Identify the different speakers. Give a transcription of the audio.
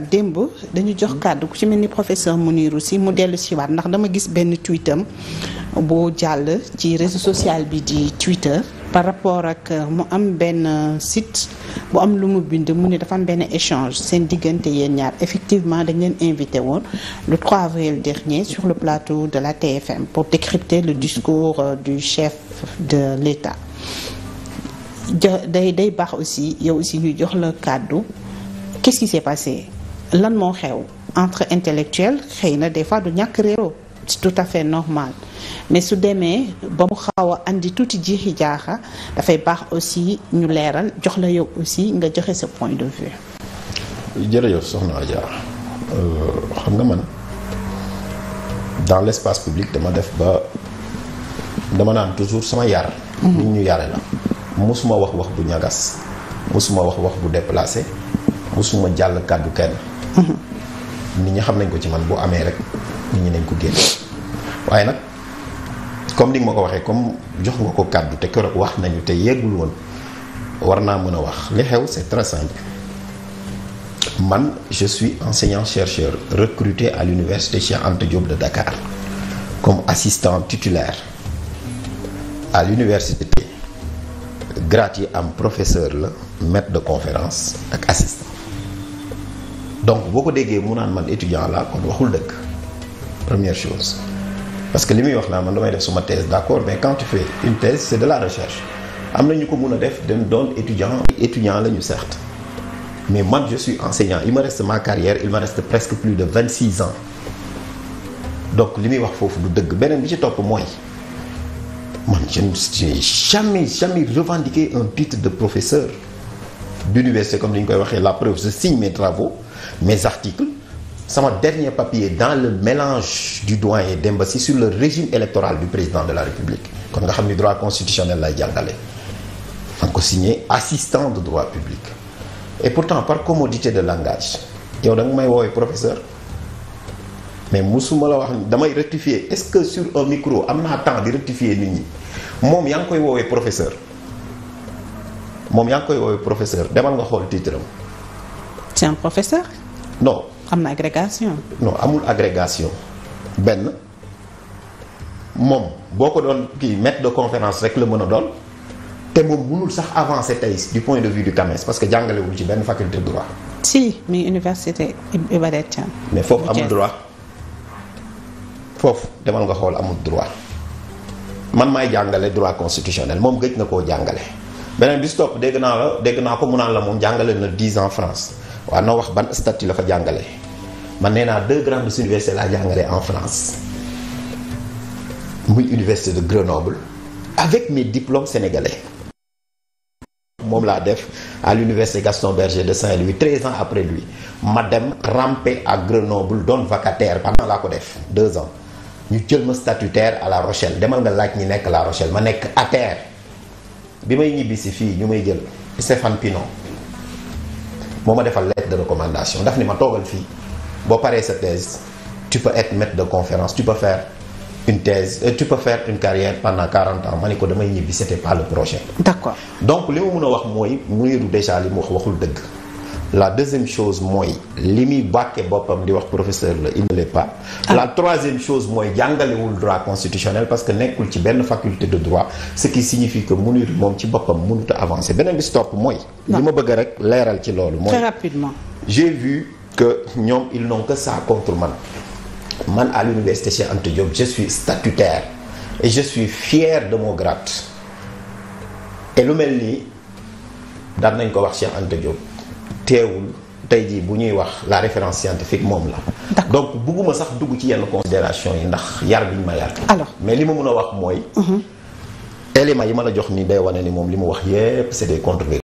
Speaker 1: démb dañu jox hmm. kàddu ku ci mel ni professeur Mounirou Sy mu dellu si waat ndax dama gis benn tweetam boo jàll ci réseau social bi di Twitter par rapport ak euh, mu am benn euh, sit bu am lu mu bind mu ne dafa benn échange seen diggante yéen ñaar effectivement dañ leen invité woon le 3 avril dernier sur le plateau de la TFM pour décrypter le discours euh, du chef de l'État day day baax aussi yow aussi ñu jox la kàddu qu'est-ce qui s'est lan moo xew entre intellectuel xëy na des fois du ñàkk réeroo c'est tout à fait normal mais su demee ba mu xaw a andi tuuti jiixi jaaxa dafay baax aussi ñu leeral jox la yow aussi nga joxe sa point de vue.
Speaker 2: jërëjëf soxna Adja euh, xam nga man dans l'espace public dama def ba dama naan toujours sama yar. Mhm. nit ñu yare la. mosuma wax wax bu ñagas mosuma wax wax bu déplacé mosuma jàll kàddu kenn. nit ñi xam nañ ko ci man boo amee rek nit ñi nañ ko génn waaye nag comme ni nga ma ko waxee comme jox nga ko kàddu te keroog wax nañu te yeggul woon war naa mën a wax li xew c'est très man je suis enseignant chercheur recruté à l'université Cheikh Anta Diop de Dakar comme assistant titulaire à l'université grade yi am professeur la maître de conférence ak assistant donc boo ko déggee mu naan man étudiant laa kon waxul dëgg première chose parce que li muy wax naa man damay def suma thèse d'accord mais quand tu fais une thèse c'est de la recherche am na ñu ko mun a def dem done étudiant étudiant la ñu certes mais man je suis enseignant il ma reste ma carrière il me reste presque plus de vingt six ans donc li muy wax foofu du dëgg beneen bi ci topp mooy man je n'ai jamais jamais revendiqué un titre de professeur d'université comme di ñu koy waxee la preuve je signe mes travaux mes articles sama dernier papier dans le mélange du doyen Demba Sy sur le régime électoral du président de la République kon nga xam ni droit constitutionnel lay jàngale fa nga ko signé assistant de droit public et pourtant par commodité de langage yow da may woowee professeur mais musuma la wax damay rectifier est-ce que sur un micro am naa temps di rectifier nit ñi moom yaa koy woowee professeur moom yaa ngi koy woowee professeur demal nga xool titre am. c'est un professeur. non
Speaker 1: am na agrégation.
Speaker 2: non amul agrégation benn moom boo ko doon kii maître de conférence rek la mën a doon te moom mënul sax avancer tey du point de vue du CAMES parce que jàngalewul ci benn faculté droit.
Speaker 1: si muy université Iba Der Thiam. mais
Speaker 2: foofu amul droit foofu demal nga xool amul droit man maay jàngale droit constitutionnel moom gëj na koo jàngale. beneen bi dégg naa la dégg naa ko mu naan la moom jàngale na 10 en France waa na wax ban statut la fa jàngale man nee naa deux grandes universités laa jàngale en France muy université de Grenoble avec mes diplômes sénégalais moom laa def à l'université Gaston Berger de Saint-Louis 13 ans après lui ma dem ramper à Grenoble doon vacataire pendant laa ko def deux ans ñu jël ma statutaire à La Rochelle demal nga laaj ñi nekk La Rochelle ma nekk à bi may ñibbisi fii ñu may jël Stéphane Pinon moo ma defal lettre de recommandation daf ni ma toogal fii boo paree sa thèse tu peux être de conférence tu peux faire une thèse euh, tu peux faire une carrière pendant 40 ans ma ni ko damay ñibbi c'était pas le projet. d'accord donc li ma mun a wax mooy Mouride déjà li mu wax waxul dëgg. la deuxième chose mooy li muy bàkkee boppam di wax professeur la il ne l'est pas ah. la troisième chose mooy jàngalewul droit constitutionnel parce que nekkul ci benn faculté de droit ce qui signifie que munir moom ci boppam mënut a avancer beneen bi si mooy li ma bëgg rek leeral ci loolu mooy très rapidement vu que ñoom ils n'ont que ça contre man man à l'université Cheikh Anta Diop je suis statutaire et je suis fier de mon grade et lu mel nii daan nañ ko wax Cheikh Anta Diop teewul tey jii bu ñuy wax la référence scientifique moom la. donc bugguma sax dugg ci yenn considération yi ndax yar biñ ma yar. alors mais li ma mën a wax mooy. Mhm. éléments yi ma la jox ni day wane ni moom li mu wax yépp c'est des contre